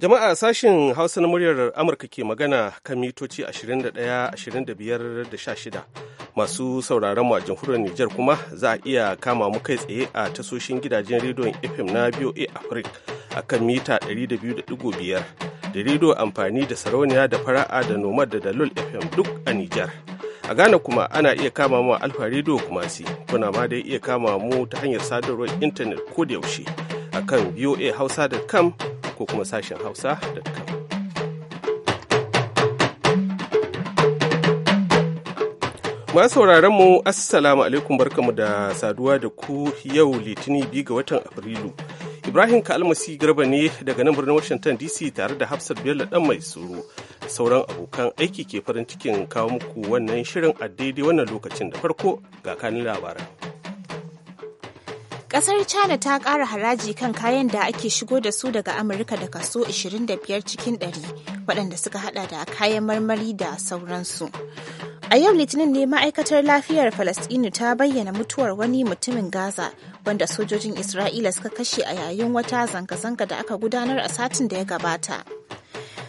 Jama'a sashen Hausa na muryar Amurka ke magana kan mitoci 21, 25 da 16. Masu sauraron mu a jamhuriyar Nijar kuma za a iya kama mu kai tsaye a tasoshin gidajen rediyon FM na BOA Africa a kan mita 200.5 da rediyo amfani da sarauniya da fara'a da nomad da dalol FM duk a Nijar. A Ghana kuma ana iya kama mu Alfa rediyo kuma si, kuna ma da iya kama mu ta hanyar sadarwar intanet ko da yaushe akan voahausa.com ko kuma sashen hausa.com Ma sauraron mu assalamu alaikum barkamu da saduwa da ku yau litini biyu ga watan Afrilu. Ibrahim Kalmasi Garba ne daga nan birnin Washington DC tare da Hafsat Bello dan mai tsoro. Sauran abokan aiki ke farin cikin kawo muku wannan shirin a daidai wannan lokacin da farko ga kanin labaran. Kasar China ta ƙara haraji kan kayan da ake shigo da su daga Amurka da kaso 25 cikin 100 waɗanda suka hada da kayan marmari da sauransu. A yau Litinin ne ma'aikatar lafiyar Falasɗinu ta bayyana mutuwar wani mutumin Gaza wanda sojojin Isra'ila suka kashe a yayin wata zanga-zanga da aka gudanar a satin da ya gabata.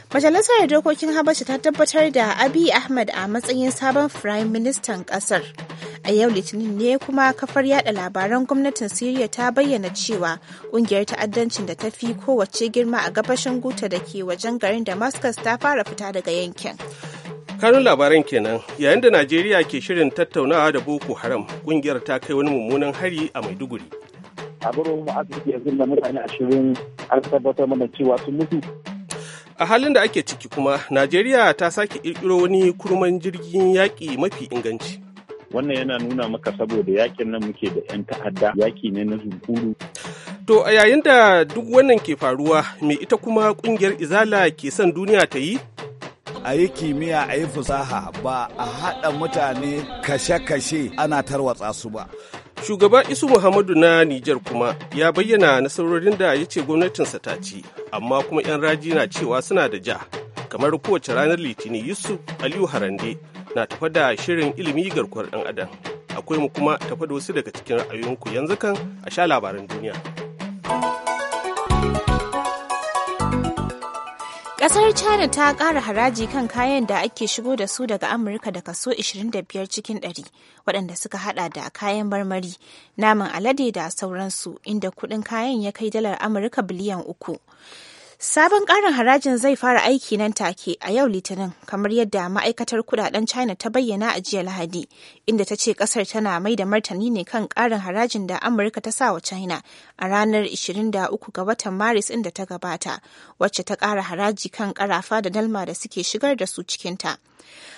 Majalisar Dokokin Habasha ta tabbatar da Abiy Ahmad a matsayin sabon Firayim Ministan ƙasar. a yau litinin ne kuma kafar yada labaran gwamnatin siriya ta bayyana cewa kungiyar ta'addancin da ta fi kowace girma a gabashin guta da ke wajen garin damascus ta fara fita daga yankin kanun labaran kenan yayin da najeriya ke shirin tattaunawa da boko haram kungiyar ta kai wani mummunan hari a maiduguri a mutane cewa sun mutu a halin da ake ciki kuma najeriya ta sake kirkiro wani kurman jirgin yaƙi mafi inganci wannan yana nuna maka saboda yakin nan muke da 'yan ta'adda yaki ne na zunkuru to a yayin da duk wannan ke faruwa me ita kuma kungiyar izala ke son duniya ta yi a yi kimiyya a yi fasaha ba a haɗa mutane kashe-kashe ana tarwatsa su ba shugaba isu muhammadu na nijar kuma ya bayyana nasarorin da ya ce gwamnatinsa ta ci amma kuma 'yan raji na cewa suna da ja kamar kowace ranar litinin yusuf aliyu harande na tafa da shirin ilimi garkuwar ɗan adam akwai mu kuma tafa da wasu daga cikin ra'ayoyinku yanzu kan a sha labaran duniya. Ƙasar China ta ƙara haraji kan kayan da ake shigo da su daga Amurka da kaso 25 cikin 100 waɗanda suka hada da kayan marmari, naman alade da sauransu inda kuɗin kayan ya kai dalar Amurka biliyan uku. Sabon ƙarin harajin zai fara aiki nan take a yau Litinin, kamar yadda ma'aikatar kudaden China ta bayyana a jiya Lahadi, inda ta ce ƙasar tana mai da martani ne kan ƙarin harajin da Amurka ta sa wa China a ranar 23 ga watan Maris inda ta gabata, wacce ta ƙara haraji kan ƙarafa da dalma da suke shigar da su cikinta.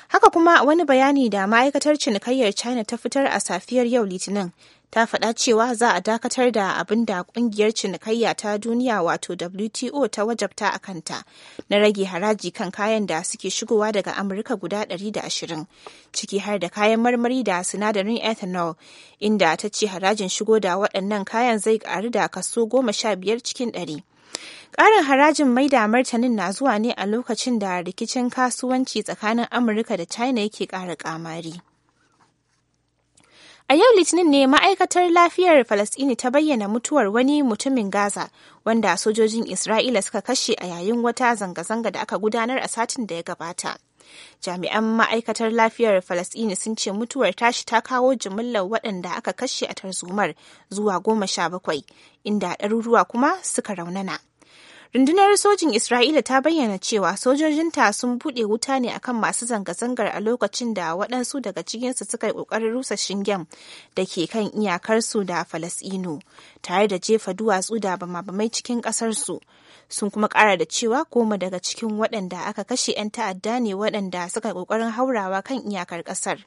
Haka kuma wani bayani da ma'aikatar cinikayyar China ta fitar a safiyar yau Litinin ta faɗa cewa za a dakatar da abin da ƙungiyar cinikayya ta duniya wato WTO ta wajabta a kanta na rage haraji kan kayan da suke shigowa daga Amurka guda 120 ciki har da kayan marmari da sinadarin ethanol inda ta ce harajin shigo da waɗannan kayan zai ƙaru da kaso goma cikin ɗari. Ƙarin harajin mai da martanin na zuwa ne a lokacin da rikicin kasuwanci tsakanin Amurka da China yake ƙara ƙamari. A yau Litinin ne ma'aikatar lafiyar Falasɗini ta bayyana mutuwar wani mutumin Gaza wanda sojojin Isra'ila suka kashe a yayin wata zanga-zanga da aka gudanar a satin da ya gabata. Jami'an ma'aikatar lafiyar Falasɗini sun ce mutuwar tashi ta kawo jimillar waɗanda aka kashe a tarzumar zuwa goma sha bakwai, inda ɗaruruwa kuma suka raunana. rundunar sojin isra'ila ta bayyana cewa sojojinta sun buɗe wuta ne akan masu zanga-zangar a lokacin da waɗansu daga cikinsu suka yi ƙoƙarin rusa shingen da ke kan iyakarsu da falasino tare da jefa duwatsu da bama-bamai cikin ƙasarsu sun kuma ƙara da cewa goma daga cikin waɗanda aka kashe 'yan ta'adda ne waɗanda suka yi ƙoƙarin haurawa kan iyakar ƙasar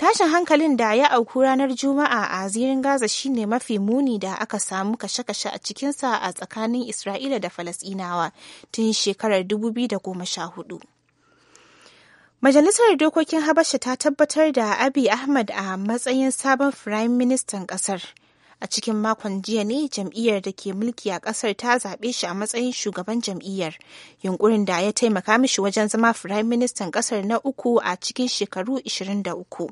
Tashin hankalin da ya auku ranar Juma'a a zirin Gaza shine mafi muni da aka samu kashe-kashe a cikinsa a tsakanin Isra'ila da Falasɗinawa tun shekarar 2014. Majalisar Dokokin Habasha ta tabbatar da abi Ahmad a matsayin sabon Firayim Ministan ƙasar. a cikin makon jiya ne jam'iyyar da ke mulki a kasar ta zaɓe shi a matsayin shugaban jam'iyyar yunkurin da ya taimaka mishi wajen zama firayim ministan kasar na uku a cikin shekaru 23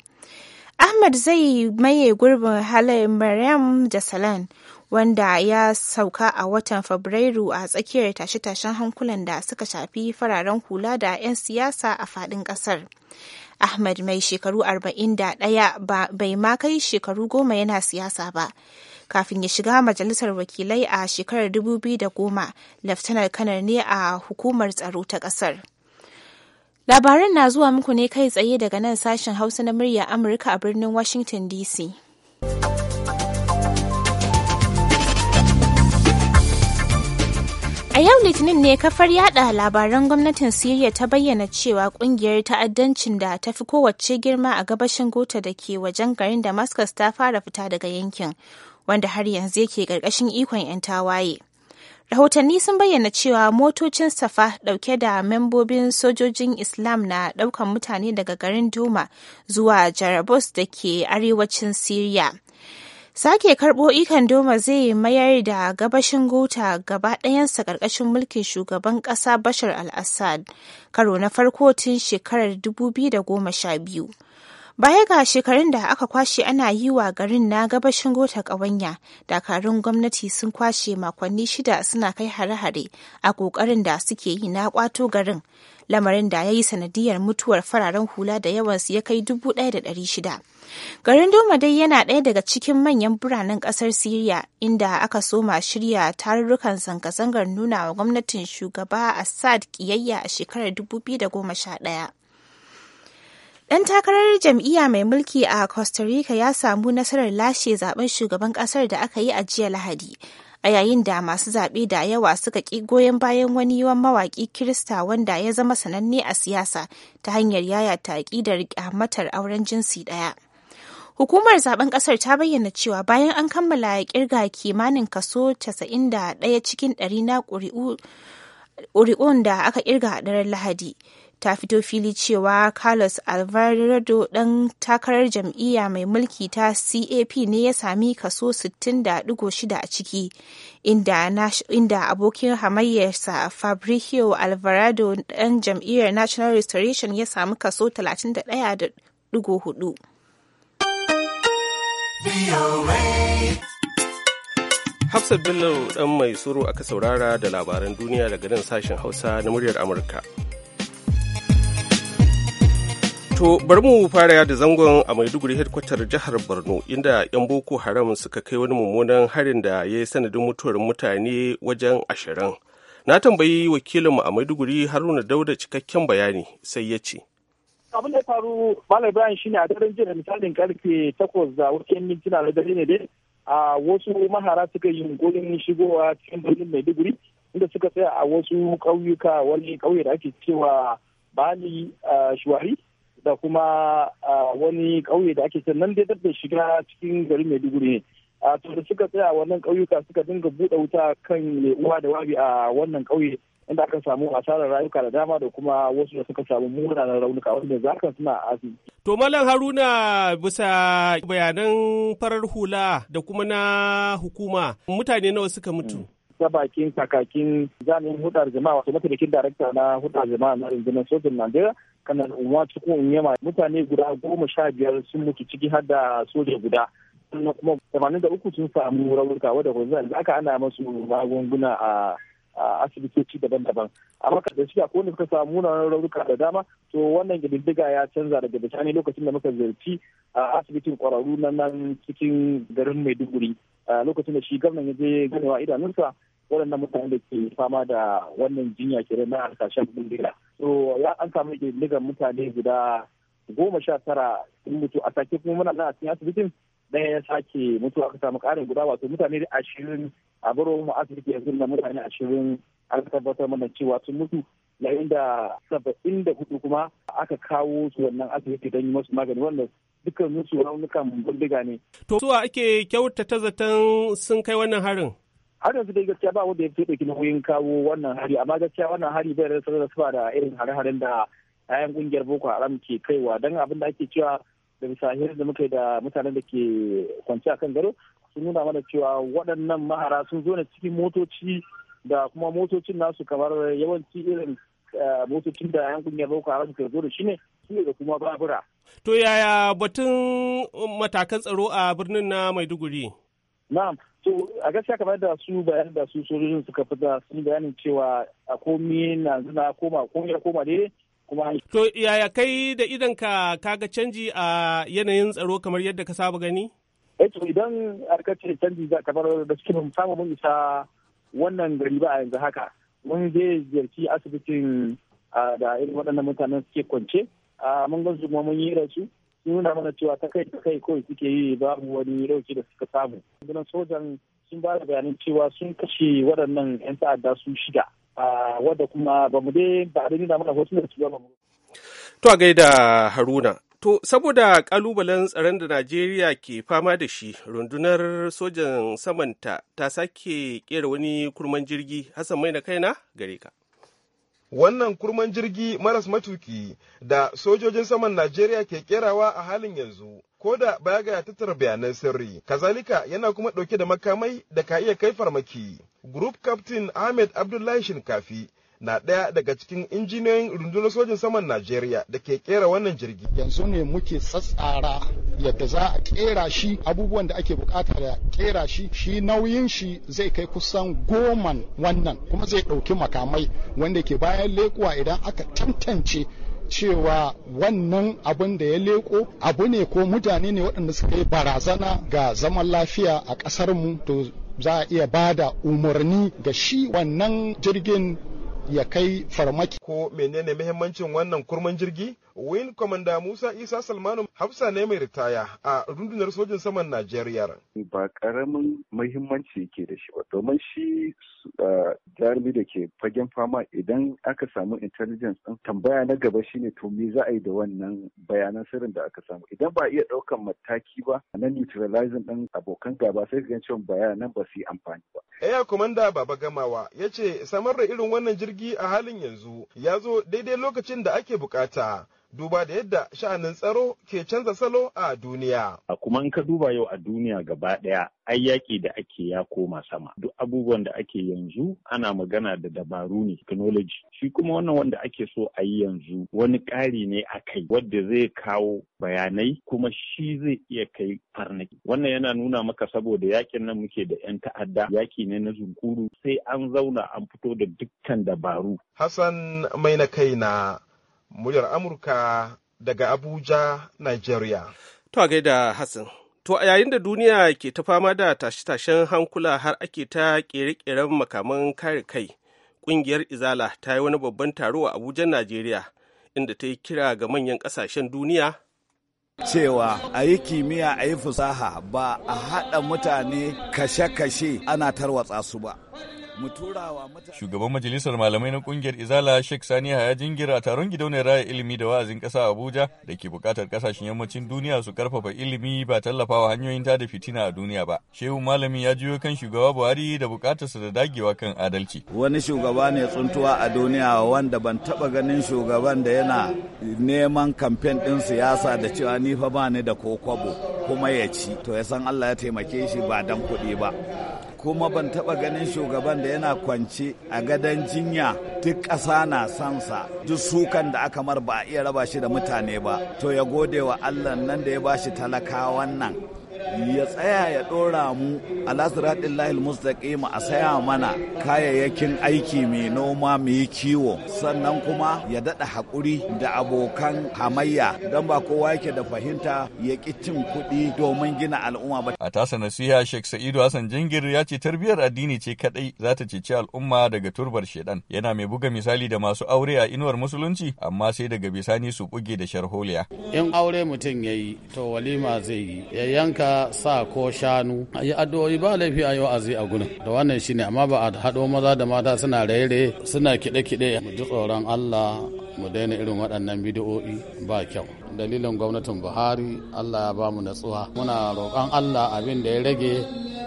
ahmad zai maye gurbin halayen maryam jasalan wanda ya sauka a watan fabrairu a tsakiyar tashe-tashen hankulan da suka shafi fararen hula da 'yan siyasa a faɗin ƙasar Ahmad mai shekaru 41 bai ma kai shekaru goma yana siyasa ba. Kafin ya shiga majalisar wakilai a shekarar 2010, Laftanar Kanar ne a hukumar tsaro ta ƙasar. Labaran na zuwa muku ne kai tsaye daga nan sashen Hausa na murya Amurka a birnin Washington DC. A yau Litinin ne kafar yada labaran gwamnatin Siriya ta bayyana cewa kungiyar ta'addancin da ta fi kowace girma a gabashin Gota da ke wajen garin Damascus ta fara fita daga yankin, wanda har yanzu yake ƙarƙashin ikon 'yan tawaye. Rahotanni sun bayyana cewa motocin safa ɗauke da membobin sojojin Islam na ɗaukan mutane daga garin Duma zuwa Jarabus da ke arewacin Siriya. Sake karɓo ikon doma zai mayar da gabashin Guta gaba ɗayansa ƙarƙashin mulkin shugaban ƙasa Bashar al-Assad karo na farko tun shekarar 2012. Baya ga shekarun da aka kwashe ana yi wa garin na gabashin Gota ƙawanya, dakarun gwamnati sun kwashe makonni shida suna kai hare-hare a ƙoƙarin da suke yi na ƙwato garin, lamarin da ya yi sanadiyar mutuwar fararen hula da yawansu ya kai dubu ɗaya da ɗari shida. Garin doma dai yana ɗaya daga cikin manyan biranen ƙasar Siriya inda aka soma shirya tarurrukan zanga-zangar nuna wa gwamnatin shugaba Assad ƙiyayya a shekarar 2011. Ɗan takarar jam'iyya mai mulki a Costa Rica ya samu nasarar lashe zaben shugaban ƙasar da aka yi a jiya Lahadi. a yayin da masu zaɓe da yawa suka ƙi goyon bayan wani yawan mawaƙi Kirista wanda ya zama sananne a siyasa ta hanyar yaya taƙi taƙidar matar auren jinsi ɗaya. Hukumar zaben kasar ta bayyana cewa bayan an kammala kirga kimanin kaso 91 cikin 100 na ƙuri'un da aka kirga a daren Lahadi, ta fito fili cewa Carlos Alvarado ɗan takarar jam'iyya mai mulki ta CAP ne ya sami kaso 60.6 a ciki, inda abokin hamayyarsa Fabricio Alvarado ɗan jam'iyyar National Restoration ya sami kaso 31.4. Hafsat Bello ɗan mai tsoro aka saurara da labaran duniya daga nan sashen Hausa na muryar Amurka. To bari mu fara da zangon a Maiduguri hedkwatar jihar Borno inda 'yan Boko Haram suka kai wani mummunan harin da ya yi sanadin mutuwar mutane wajen ashirin. Na tambayi wakilinmu a Maiduguri Haruna Dauda cikakken bayani sai ya ce. abin da ya faru malam bayan shine a daren jiya misalin karfe takwas da wasu mintuna na dare ne dai a wasu mahara suka yi yunkurin shigowa cikin birnin maiduguri inda suka tsaya a wasu ƙauyuka wani ƙauye da ake cewa bani shuwari da kuma wani ƙauye da ake nan dai da shiga cikin garin maiduguri ne to da suka tsaya wannan ƙauyuka suka dinga buɗe wuta kan uwa da wabi a wannan ƙauye inda aka samu asarar rayuka da dama da kuma wasu da suka samu munanan raunuka wanda za ka suna asibiti. To Malam Haruna bisa bayanan farar hula da kuma na hukuma mutane nawa suka mutu? ta bakin kakakin jami'in hudar jama'a wato mataimakin darakta na hudar jama'a na rundunar sojin Najeriya kanan Umar cikin Unyema mutane guda goma sha biyar sun mutu ciki har da soja guda. sannan kuma 83 sun samu raunuka wadda kuma aka ana masu magunguna a A asibitoci daban-daban amma da shi akwai suka samu munanan raunuka da dama to wannan gididdiga ya canza daga bisani lokacin da muka ziyarci a asibitin kwararru na nan cikin garin maiduguri lokacin da shi gwamnan ya je ganewa idanunsa waɗannan mutane da ke fama da wannan jinya ke na harkashen bindiga To ya an samu gididdigan mutane guda goma sha tara sun mutu a sake kuma muna nan a cikin asibitin ɗaya ya sake mutuwa aka samu ƙarin guda wato mutane da ashirin a baro mu asibiti yanzu na mutane ashirin an tabbatar mana cewa sun mutu yayin da saba'in da hudu kuma aka kawo su wannan asibiti don yi masu magani wanda dukkan musu raunukan bindiga ne. To suwa ake kyautata zaton sun kai wannan harin? har yanzu dai gaskiya ba wanda ya fi ɗauki nauyin kawo wannan hari amma gaskiya wannan hari bai rasa da da irin hare-haren da 'ya'yan ƙungiyar boko haram ke kaiwa don abin da ake cewa da bisa da muka yi da mutanen da ke kwanci kan gado sun nuna mana cewa waɗannan mahara sun zo ne cikin motoci da kuma motocin nasu kamar yawanci irin eh, motocin da yan kunyar boko haram ke zo da shi ne su da kuma babura. To yaya batun matakan tsaro a birnin na Maiduguri? Na'am, to a gaskiya kamar da su bayan da su sojojin suka fita sun bayanin cewa a komi na zina koma komi koma daidai kuma to yaya kai da idan ka kaga canji a yanayin tsaro kamar yadda ka saba gani eh to idan aka canji za kamar da cikin samun samu mun isa wannan gari ba a yanzu haka mun je ziyarci asibitin da irin waɗannan mutanen suke kwance mun gan su kuma mun yi rasu su nuna mana cewa ta kai ta kai kawai suke yi babu wani rauki da suka samu. sojan sun ba da bayanin cewa sun kashe waɗannan 'yan ta'adda su shida. wadda kuma ba mu dai ba a nuna mana hotunan su ba mu. To a gaida Haruna. To, saboda ƙalubalen tsaron da Najeriya ke fama da shi, rundunar sojan samanta ta sake ƙera wani kurman jirgi, Hassan mai na kaina gare ka. wannan kurman jirgi maras matuki da sojojin saman Najeriya ke ƙerawa a halin yanzu ko da baya ga tattara bayanan sirri kazalika yana kuma ɗauke da makamai da ka iya kai farmaki group captain ahmed abdullahi shinkafi na ɗaya daga cikin injiniyoyin rundunar sojin saman Najeriya da ke kera wannan jirgi. Yanzu ne muke tsatsara yadda za a kera shi abubuwan da ake bukata da kera shi shi nauyin shi zai kai kusan goman wannan kuma zai ɗauki makamai wanda ke bayan lekuwa idan aka tantance cewa wannan abin da ya leƙo abu ne ko mutane ne waɗanda suka yi barazana ga zaman lafiya a ƙasar mu to za a iya ba da umarni ga shi wannan jirgin ya kai farmaki. Ko menene muhimmancin wannan kurman jirgi? Win Kwamanda Musa Isa Salmanu Hafsa ne mai ritaya a rundunar sojin saman Najeriya. Ba karamin muhimmanci yake da shi ba domin shi uh, jarumi da ke fagen fama idan aka samu intelligence ɗin tambaya na gaba shine to me za a yi da wannan bayanan sirrin da aka samu idan ba a iya ɗaukan mataki ba a na neutralizing ɗin abokan gaba sai ga cewa bayanan ba su yi amfani ba. Eya Komanda Baba Gamawa ya ce samar da irin wannan jirgi a halin yanzu ya zo daidai lokacin da ake bukata duba da yadda sha'anin tsaro ke canza salo a duniya. A kuma ka duba yau a duniya gaba ɗaya ai yaƙi da ake ya koma sama. Duk abubuwan da ake yanzu ana magana da dabaru ne technology. Shi kuma wannan wanda ake so a yi yanzu wani ƙari ne a kai wadda zai kawo bayanai kuma shi zai iya kai farnaki. Wannan yana nuna maka saboda yaƙin nan muke da ƴan ta'adda yaƙi ne na zunkuru sai an zauna an fito da dukkan dabaru. Hassan mai na kai na. muryar Amurka daga Abuja, Nigeria. To a gaida Hassan. To a yayin da duniya ke ta fama da tashe-tashen hankula har ake ta ƙere-ƙeren makaman kare kai, ƙungiyar Izala ta yi wani babban taro a Abuja, Najeriya, inda ta yi kira ga manyan ƙasashen duniya cewa a yi kimiyya a yi fusaha ba a haɗa mutane kashe-kashe ana tarwatsa su ba. shugaban majalisar malamai na kungiyar izala Sheikh Sani Haya Jingir a taron gidauniyar raya ilimi da wa'azin kasa Abuja da ke bukatar kasashen yammacin duniya su karfafa ilimi ba tallafawa hanyoyin tada fitina a duniya ba shehu malami ya jiyo kan shugaba Buhari da bukatarsa da dagewa kan adalci wani shugaba ne tsuntuwa a duniya wanda ban taba ganin shugaban da yana neman kamfen din siyasa da cewa ni fa ba ni da ko kwabo kuma ya ci to ya san Allah ya taimake shi ba dan kuɗi ba kuma ban taɓa ganin shugaban da yana kwance a gadon jinya duk ƙasa na sansa duk sukan da aka mar ba a iya raba shi da mutane ba to ya gode wa Allah nan da ya ba shi talakawan nan ya tsaya ya ɗora mu a lasiratin lahil mustaqim a saya mana kayayyakin aiki mai noma mai kiwo sannan kuma ya daɗa haƙuri da abokan hamayya don ba kowa yake da fahimta ya ƙi cin kuɗi domin gina al'umma ba. A tasa nasiha Sheikh Sa'idu Hassan Jingir ya ce tarbiyyar addini ce kaɗai za ta ceci al'umma daga turbar shedan. Yana mai buga misali da masu aure a inuwar musulunci amma sai daga bisani su buge da sharholiya. In aure mutum ya yi to walima zai yi ya yanka sa ko shanu a yi addu'o'i ba laifi a yi wa'azi a gurin da wannan shine amma ba a haɗo maza da mata suna raye-raye suna kiɗe-kiɗe mu ji tsoron Allah mu daina irin waɗannan bidiyo'i ba kyau dalilin gwamnatin buhari allah ya ba bamu natsuwa muna roƙon allah abin da ya rage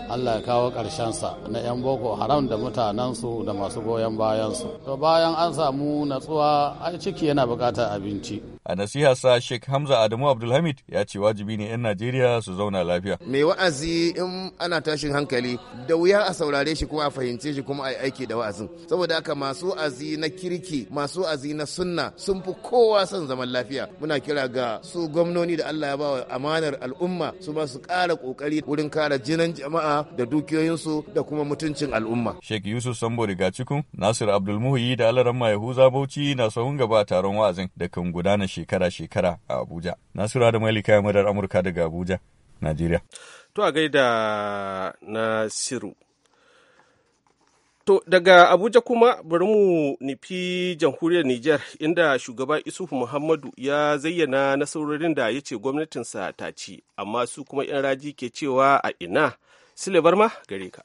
allah ya kawo sa na 'yan boko haram da mutanensu da masu goyon bayansu to bayan an samu natsuwa ai ciki yana buƙatar abinci a nasiha sa Sheikh Hamza Adamu Abdulhamid ya ce wajibi ne 'yan Najeriya su zauna lafiya. Mai wa'azi in ana tashin hankali da wuya a saurare shi kuma a fahimce shi kuma a yi aiki da wa'azin. Saboda haka masu wa'azi na kirki, masu wa'azi na sunna mana sun fi kowa son zaman lafiya muna kira ga su gwamnoni da Allah ya bawa amanar al'umma su ma su ƙara ƙoƙari wurin kara jinan jama'a da dukiyoyinsu da kuma mutuncin al'umma. Sheikh Yusuf Sambo riga cikin Nasir Abdul da Alaramma Yahuza Bauchi na sahun gaba a taron wa'azin da kan gudana shekara-shekara a Abuja. Nasiru Adamu Elika Madar Amurka daga Abuja, Najeriya. To a gaida Nasiru. To daga Abuja kuma bari mu nufi jamhuriyar Nijar inda shugaba isufu Muhammadu ya zayyana nasarorin da ya ce gwamnatinsa ta ci, amma su kuma 'yan raji ke cewa a ina, Silibar ma gare ka.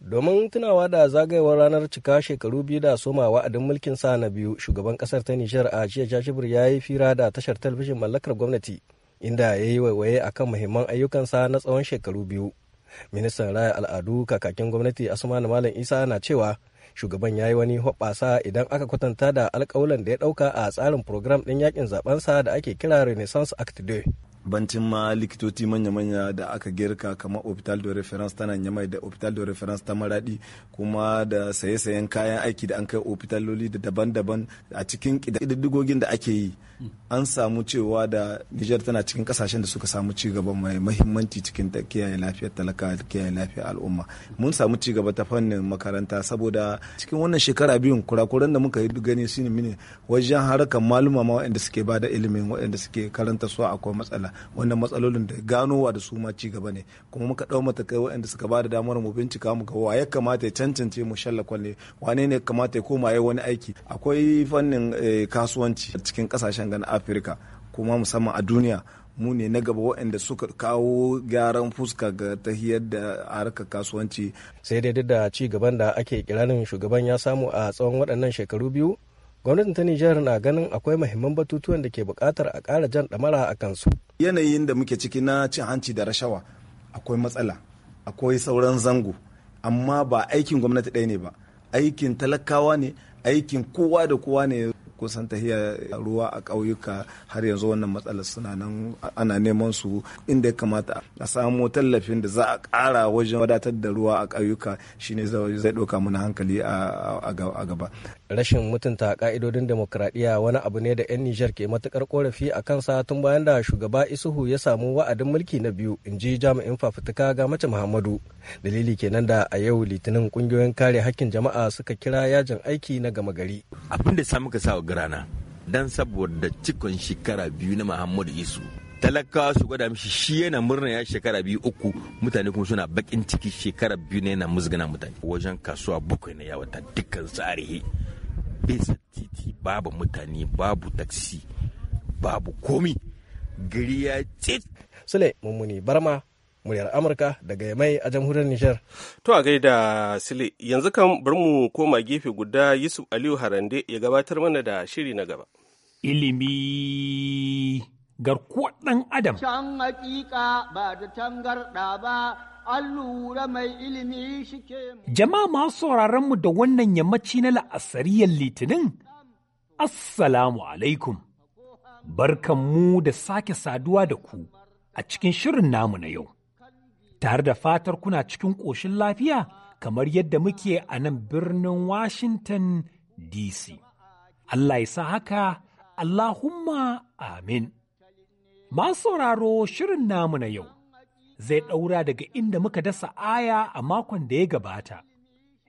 Domin tunawa da zagayewar ranar cika shekaru biyu da soma wa'adin mulkin sa na biyu, shugaban kasar ta Nijar a jiya Jashibir ya yi fira da tashar talabijin mallakar gwamnati, inda ya yi waiwaye akan muhimman ayyukansa na tsawon shekaru biyu. ministan raya al'adu kakakin gwamnati asman malam isa na cewa shugaban ya yi wani hoɓasa idan aka kwatanta da alkawalan da ya ɗauka a tsarin program ɗin yakin zabensa da ake kira renaissance act 2 bancin ma likitoci manya-manya da aka girka kamar hospital de reference tana yamai da hospital de reference ta maradi kuma da saye-sayen kayan aiki da an kai hospitaloli da daban-daban a cikin ƙididdigogin da ake yi an samu cewa da nijar tana cikin kasashen da suka samu ci gaba mai mahimmanci cikin kiyaye lafiyar talaka da kiyaye lafiyar al'umma mun samu ci gaba ta fannin makaranta saboda cikin wannan shekara biyun kurakuran da muka yi gani shine mine wajen harkar maluma ma waɗanda suke bada ilimin waɗanda suke karanta su akwai matsala wannan matsalolin da ganowa da su ma ci gaba ne kuma muka mata kai waɗanda suka ba da damar mu bincika mu ga wa ya kamata ya cancance mu shalla kwalle wane ne kamata ya koma ya wani aiki akwai fannin eh, kasuwanci cikin kasashen gan afirka kuma musamman a duniya mu ne na gaba waɗanda suka kawo gyaran fuska ga tahiyar da harkar kasuwanci sai dai duk da ci gaban da ake kiranin shugaban ya samu a tsawon waɗannan shekaru biyu gwamnatin ta nijar na ganin akwai mahimman batutuwan da ke buƙatar a ƙara jan ɗamara a kansu yanayin da muke ciki na cin hanci da rashawa akwai matsala akwai sauran zango amma ba aikin gwamnati ɗaya ne ba aikin talakawa ne aikin kowa da kowa ne kusan tahiya ruwa a ƙauyuka har yanzu wannan matsalar suna nan ana neman su inda ya kamata a samo tallafin da za a ƙara wajen wadatar da ruwa a ƙauyuka shine zai ɗauka mana hankali a gaba. Rashin mutunta ka'idodin demokradiyya wani abu ne da 'yan Nijar ke matukar korafi a kansa tun bayan da shugaba Isuhu ya samu wa'adin mulki na biyu in ji jami'in fafutuka ga mace Muhammadu. Dalili kenan da a yau litinin ƙungiyoyin kare hakkin jama'a suka kira yajin aiki na gama gari. Abin da samu ka sa grana dan saboda cikon shekara biyu na muhammadu isu talakawa su gwada mishi shi yana murna ya shekara biyu uku mutane kuma suna bakin ciki shekara biyu na yana musgana mutane wajen kasuwa bakwai na yawata dukkan tsarihi bisa titi babu mutane babu taksi babu komi gari ya ce sule mummuni barma muryar amurka daga yamai a jamhuriyar nijar to a gaida sile yanzu kan bar mu koma gefe guda yusuf aliyu harande ya gabatar mana da shiri na gaba ilimi garkuwar ɗan adam can hakika ba da tangarɗa ba allura mai ilimi shike jama'a masu sauraron mu da wannan yammaci na la'asariyar litinin assalamu alaikum barkan mu da sake saduwa da ku a cikin shirin namu na yau tare da fatar kuna cikin ƙoshin lafiya kamar yadda muke a nan birnin Washington DC. Allah ya sa haka, Allahumma amin. Masu sauraro shirin namu na yau zai ɗaura daga inda muka dasa aya a makon da ya gabata,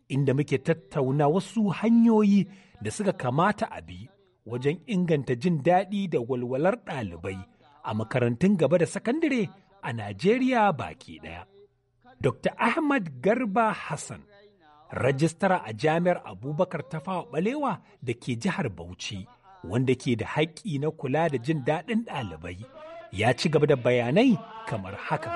inda muke tattauna wasu hanyoyi da suka kamata a bi wajen inganta jin daɗi da walwalar ɗalibai a makarantun gaba da sakandare a Najeriya baki ɗaya. Dr. Ahmad Garba Hassan, rajistara a jami'ar Abubakar Tafawa ɓalewa da ke jihar Bauchi, wanda ke da haƙƙi na kula da jin daɗin ɗalibai, ya ci gaba da bayanai kamar haka.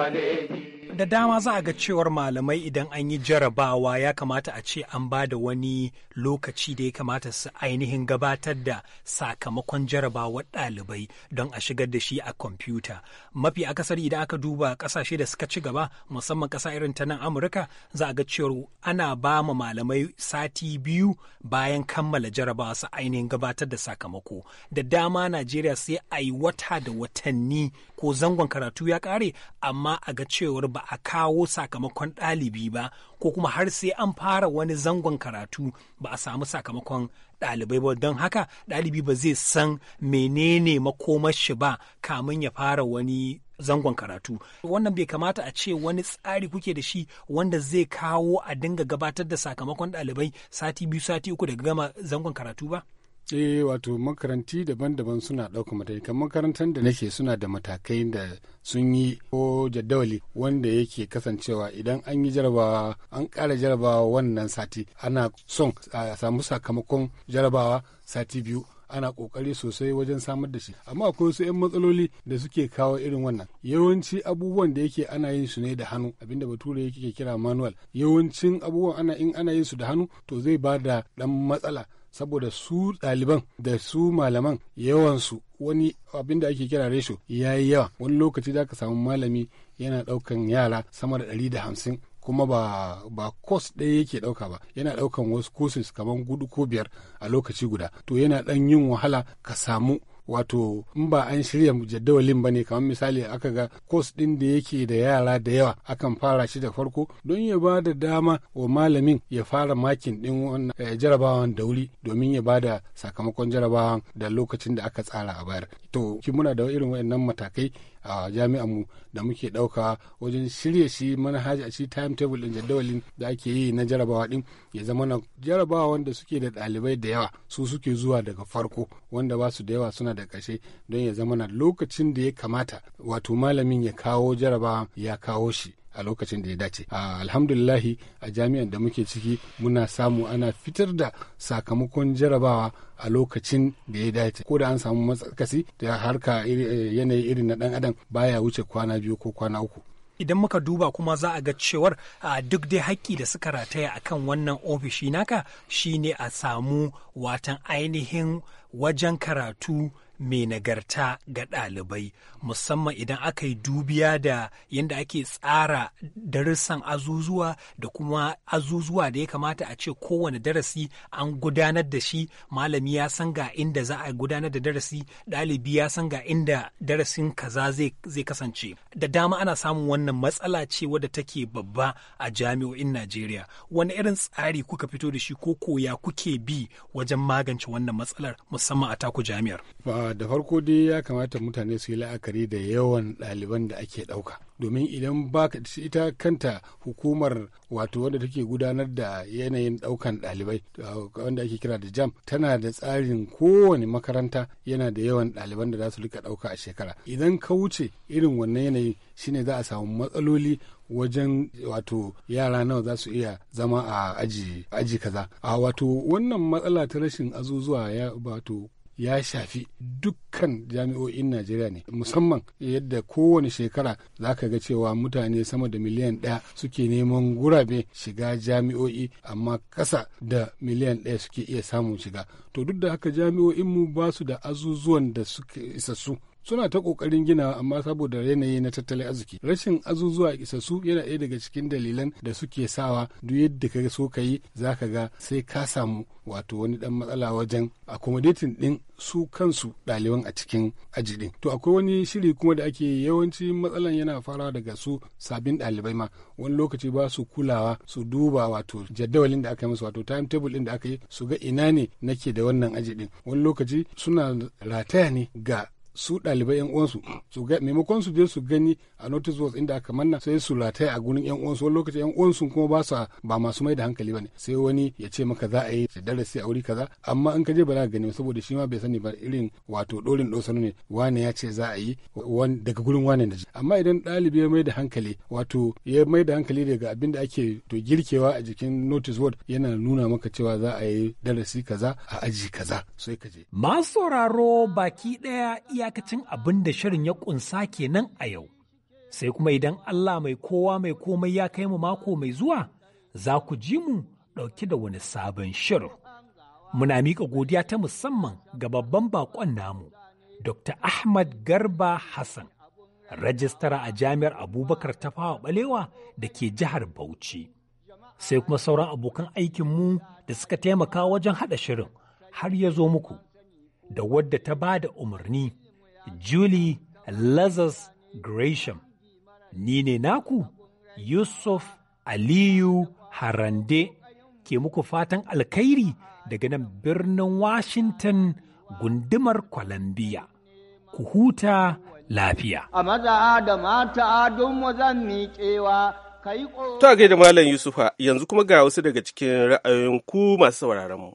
ko da dama za a ga cewar malamai idan an yi jarabawa ya kamata a ce an ba da wani lokaci da ya kamata su ainihin gabatar da sakamakon jarabawar ɗalibai don a shigar da shi a kwamfuta. Mafi akasari idan aka duba ƙasashe da suka ci gaba musamman ƙasa irin ta nan Amurka za a ga cewar ana ba ma malamai sati biyu bayan kammala jarabawa su ainihin gabatar da sakamako. Da dama Najeriya sai a yi wata da watanni ko zangon karatu ya ƙare amma a ga cewar ba a kawo sakamakon ɗalibi ba ko kuma har sai an fara wani zangon karatu ba a samu sakamakon ɗalibai ba don haka ɗalibi ba zai san menene makomar shi ba kamin ya fara wani zangon karatu wannan bai kamata a ce wani tsari kuke da shi wanda zai kawo a dinga gabatar da sakamakon ɗalibai sati biyu sati uku daga gama zangon karatu ba eh wato makaranti daban-daban suna ɗaukar matakai kan makarantar da nake suna da matakai da sun yi ko jadawali wanda yake kasancewa idan an yi jarabawa an ƙara jarabawa wannan sati ana son a samu sakamakon jarabawa sati biyu ana kokari sosai wajen samar da shi amma akwai wasu 'yan matsaloli da suke kawo irin wannan yawanci abubuwan da yake ana yin su ne da hannu abinda bature yake kira manual yawancin abubuwan ana in ana yin su da hannu to zai ba da dan matsala saboda su ɗaliban da su malaman yawansu wani abin da ake kira resho ya yi yawa wani lokaci za ka samu malami yana ɗaukan yara sama da ɗari da hamsin kuma ba ba kos ɗaya yake ɗauka ba yana ɗaukan wasu kosis kamar gudu ko biyar a lokaci guda to yana ɗan yin wahala ka samu wato in ba an shirya jadawalin ba ne kamar misali aka ga kos ɗin da yake da yara da yawa akan fara shi da farko don ya ba da dama wa malamin ya fara makin ɗin wannan eh, jarabawan da wuri domin ya ba da sakamakon jarabawan da lokacin da aka tsara a bayar to ki muna da irin waɗannan matakai a jami'an mu da muke ɗauka wajen shirya shi manhaji a shi timetable ɗin jadawalin da ake yi na jarabawa ɗin ya zama na jarabawa wanda suke da ɗalibai da yawa su suke zuwa daga farko wanda ba su da yawa suna da ƙarshe don ya zama na lokacin da ya kamata wato malamin ya kawo jarabawa ya kawo shi a lokacin da ya dace alhamdulillahi a jami'an da muke ciki muna samu ana fitar da sakamakon jarabawa a lokacin da ya dace ko da an samu matsakasi da harka eh, yanayi irin na dan adam baya wuce kwana biyu ko kwana uku idan muka duba kuma za a ga cewar duk dai haƙƙi da suka rataya a kan wannan ofishi naka ne a samu watan ainihin wajen karatu mai nagarta ga ɗalibai musamman idan aka yi dubiya da yadda ake tsara darussan azuzuwa da kuma azuzuwa da ya kamata a ce kowane darasi an gudanar da shi malami ya san ga inda za a gudanar da darasi ɗalibi ya san ga inda darasin kaza zai kasance da dama ana samun wannan matsala ce wadda take babba a jami'o'in najeriya wani irin tsari kuka fito da shi ko koya kuke bi wajen magance wannan matsalar musamman a taku jami'ar da farko dai ya kamata mutane su yi la'akari da yawan ɗaliban da ake ɗauka domin idan ba ka ita kanta hukumar wato wanda take gudanar da yanayin ɗaukan ɗalibai wanda ake kira da jam tana da tsarin kowane makaranta yana da yawan ɗaliban da za su rika ɗauka a shekara idan ka wuce irin wannan yanayi shine za a samu matsaloli wajen wato yara nawa za su iya zama a aji, aji kaza a wato wannan matsala ta rashin azuzuwa ya wato ya shafi dukkan jami'o'in najeriya ne musamman yadda kowane shekara za ka ga cewa mutane sama da miliyan ɗaya suke neman gurabe shiga jami'o'i amma ƙasa da miliyan ɗaya suke iya samun shiga to duk da haka jami'o'inmu ba su da azuzuwan da suke isassu suna ta kokarin gina amma saboda yanayi na tattalin arziki rashin azuzuwa isassu yana ɗaya daga cikin dalilan da suke sawa duk yadda ka so ka yi za ka ga sai ka samu wato wani dan matsala wajen accommodating din su kansu ɗaliban a cikin aji din to akwai wani shiri kuma da ake yawanci matsalan yana farawa daga su sabbin ɗalibai ma wani lokaci ba su kulawa su duba wato jadawalin da aka yi musu wato timetable din da aka yi su ga ina ne nake da wannan aji din wani lokaci suna rataya ne ga su ɗalibai yan uwansu su ga maimakon su je su gani a notice boards inda aka manna sai su lataya a gurin yan uwansu wani lokaci yan uwansu kuma ba sa ba masu mai da hankali bane sai wani ya ce maka za a yi darasi a wuri kaza amma in ka je ba za ka gani saboda shi ma bai sani ba irin wato dorin dosano ne wane ya ce za a yi daga gurin wane da amma idan ɗalibi ya mai da hankali wato ya mai da hankali daga abin da ake to girkewa a jikin notice board yana nuna maka cewa za a yi darasi kaza a aji kaza sai ka je. Masu sauraro baki ɗaya iya dakacin abin da shirin ya ƙunsa kenan a yau. Sai kuma idan Allah mai kowa mai komai ya kai mu mako mai zuwa, za ku ji mu ɗauki da wani sabon shirin. Muna miƙa godiya ta musamman ga babban baƙon namu, Dr. Ahmad Garba Hassan, rajistara a Jami'ar Abubakar ta Tafawa ɓalewa da ke jihar Bauchi. Sai kuma sauran abokan aikinmu da suka taimaka wajen haɗa shirin har ya zo muku. da wadda ta ba da umarni Julie Lazarus Gresham. Ni ne naku Yusuf Aliyu Harande ke muku fatan alkhairi daga nan birnin Washington gundumar Columbia. Ku huta lafiya. A maza da mata don wazan miƙewa Ta gaida Malam Yusufa yanzu kuma ga wasu daga cikin ra'ayoyin ku masu sauraron mu.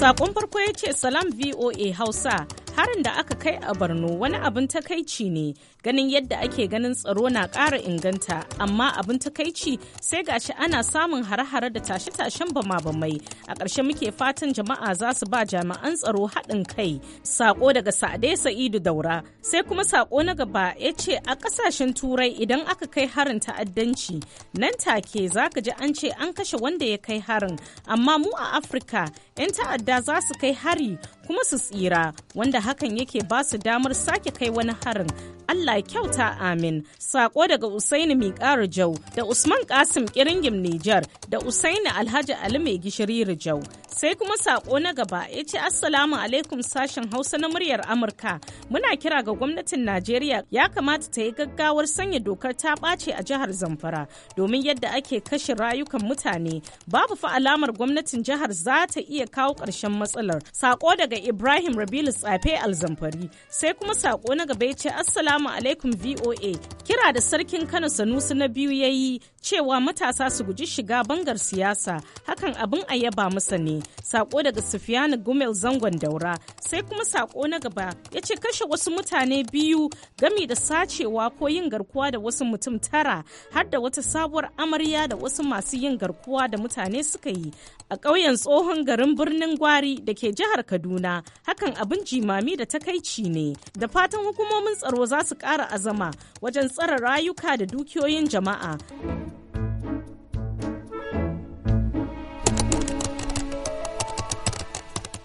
Sakon farko ya ce Salam VOA Hausa harin da aka kai a borno wani abin takaici ne ganin yadda ake ganin tsaro na ƙara inganta amma abin takaici sai gashi ana samun hare-hare da tashe-tashen bama-bamai a ƙarshe muke fatan jama'a za su ba jami'an tsaro haɗin kai sako daga sa'ade sa'idu daura sai kuma sako na gaba ya ce a ƙasashen turai idan aka kai harin ta'addanci nan take za ka ji an ce an kashe wanda ya kai harin amma mu a afirka 'yan ta'adda za su kai hari kuma su tsira wanda hakan yake ba su damar sake kai wani harin Allah ya kyauta amin. Sako daga Usaini Miƙar Jau da Usman Kasim Kiringim Nijar da Usaini Alhaji Ali Mai Gishiri Rijau. Sai kuma sako na gaba ya ce Assalamu alaikum sashen Hausa na muryar Amurka. Muna kira ga gwamnatin Najeriya ya kamata ta yi gaggawar sanya dokar ta ɓace a jihar Zamfara domin yadda ake kashe rayukan mutane. Babu fa alamar gwamnatin jihar za ta iya kawo ƙarshen matsalar. Sako daga Ibrahim Rabilu Tsafe Alzamfari. Sai kuma sako na gaba ya ce Assalamu Assalamu alaikum VOA kira da sarkin Kano Sanusi na biyu ya yi cewa matasa su guji shiga bangar siyasa hakan abin a yaba masa ne sako daga Sufiyanu Gumel zangon daura sai kuma sako na gaba ya ce kashe wasu mutane biyu gami da sacewa ko yin garkuwa da wasu mutum tara har da wata sabuwar amarya da wasu masu yin garkuwa da mutane suka yi a ƙauyen tsohon garin birnin Gwari da ke jihar Kaduna hakan abin jimami da takaici ne da fatan hukumomin tsaro za su ƙara azama wajen tsara rayuka da dukiyoyin jama'a.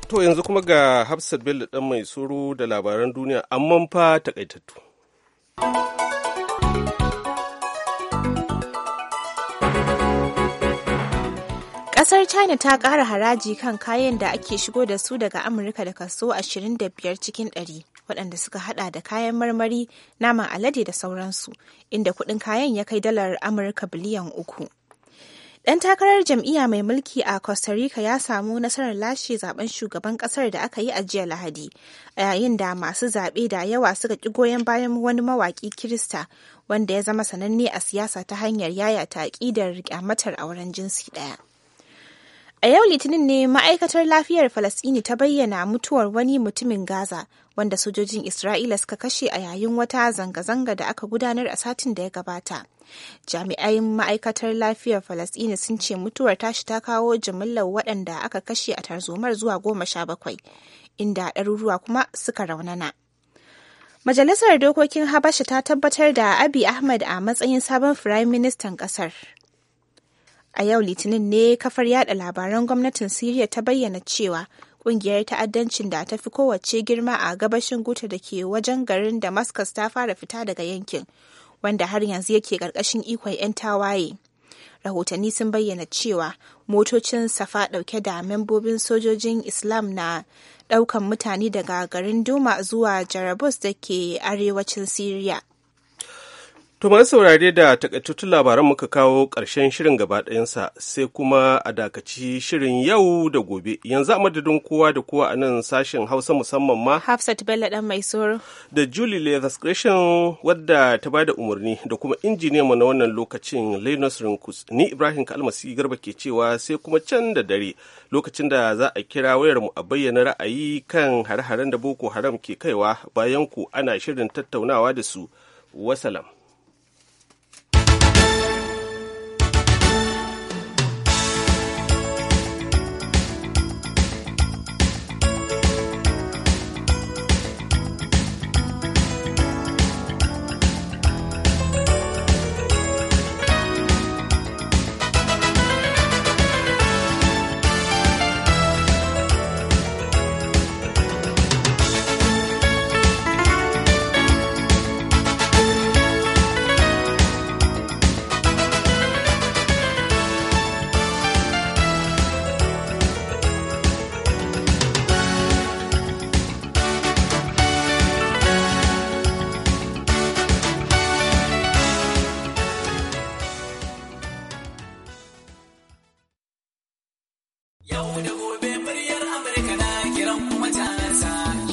To yanzu kuma ga Hafsat Bello ɗan mai tsoro da labaran duniya amma fa taƙaitattu ƙasar China ta ƙara haraji kan kayan da ake shigo da su daga Amurka da kaso 25 cikin ɗari. waɗanda suka hada da kayan marmari naman alade da sauransu inda kuɗin kayan ya kai dalar amurka biliyan uku Ɗan takarar jam'iyya mai mulki a Costa Rica ya samu nasarar lashe zaben shugaban ƙasar da aka yi a jiya Lahadi, a yayin da masu zaɓe da yawa suka ƙi goyon bayan wani mawaƙi Kirista wanda ya zama sananne a siyasa ta hanyar yayata ƙidar kyamatar auren jinsi ɗaya. A yau Litinin ne ma'aikatar lafiyar Falasɗini ta bayyana mutuwar wani mutumin Gaza wanda sojojin Isra'ila suka kashe a yayin wata zanga-zanga da aka gudanar a satin da ya gabata. Jami'ai ma'aikatar lafiyar Falasɗini sun ce mutuwar tashi ta kawo jimillar waɗanda aka kashe a tarzomar zuwa goma sha bakwai, inda ɗaruruwa kuma suka raunana. Majalisar Dokokin Habasha ta tabbatar da abi Ahmed a matsayin sabon Firayim Ministan ƙasar. A yau Litinin ne kafar yada labaran gwamnatin Siriya ta bayyana cewa kungiyar ta'addancin da ta fi kowace girma a gabashin guta da ke wajen garin Damascus ta fara fita daga yankin, wanda har yanzu yake ƙarƙashin ikon 'yan tawaye. Rahotanni sun bayyana cewa motocin safa ɗauke da membobin sojojin Islam na ɗaukan mutane daga garin Duma zuwa Jarabus da ke arewacin Siriya. To masu saurare da takaitattun labaran muka kawo ƙarshen shirin gaba ɗayansa sai kuma a dakaci shirin yau da gobe. Yanzu a madadin kowa da kowa a nan sashen Hausa musamman ma. Hafsat Bello dan mai soro. Da Julie Leathers Gresham wadda ta bada umarni da kuma injiniyan mu na wannan lokacin Linus Rinkus. Ni Ibrahim Kalmasi Garba ke cewa sai kuma can da dare lokacin da za a kira wayar mu a bayyana ra'ayi kan hare-haren da Boko Haram ke kaiwa bayan ku ana shirin tattaunawa da su. Wasalam.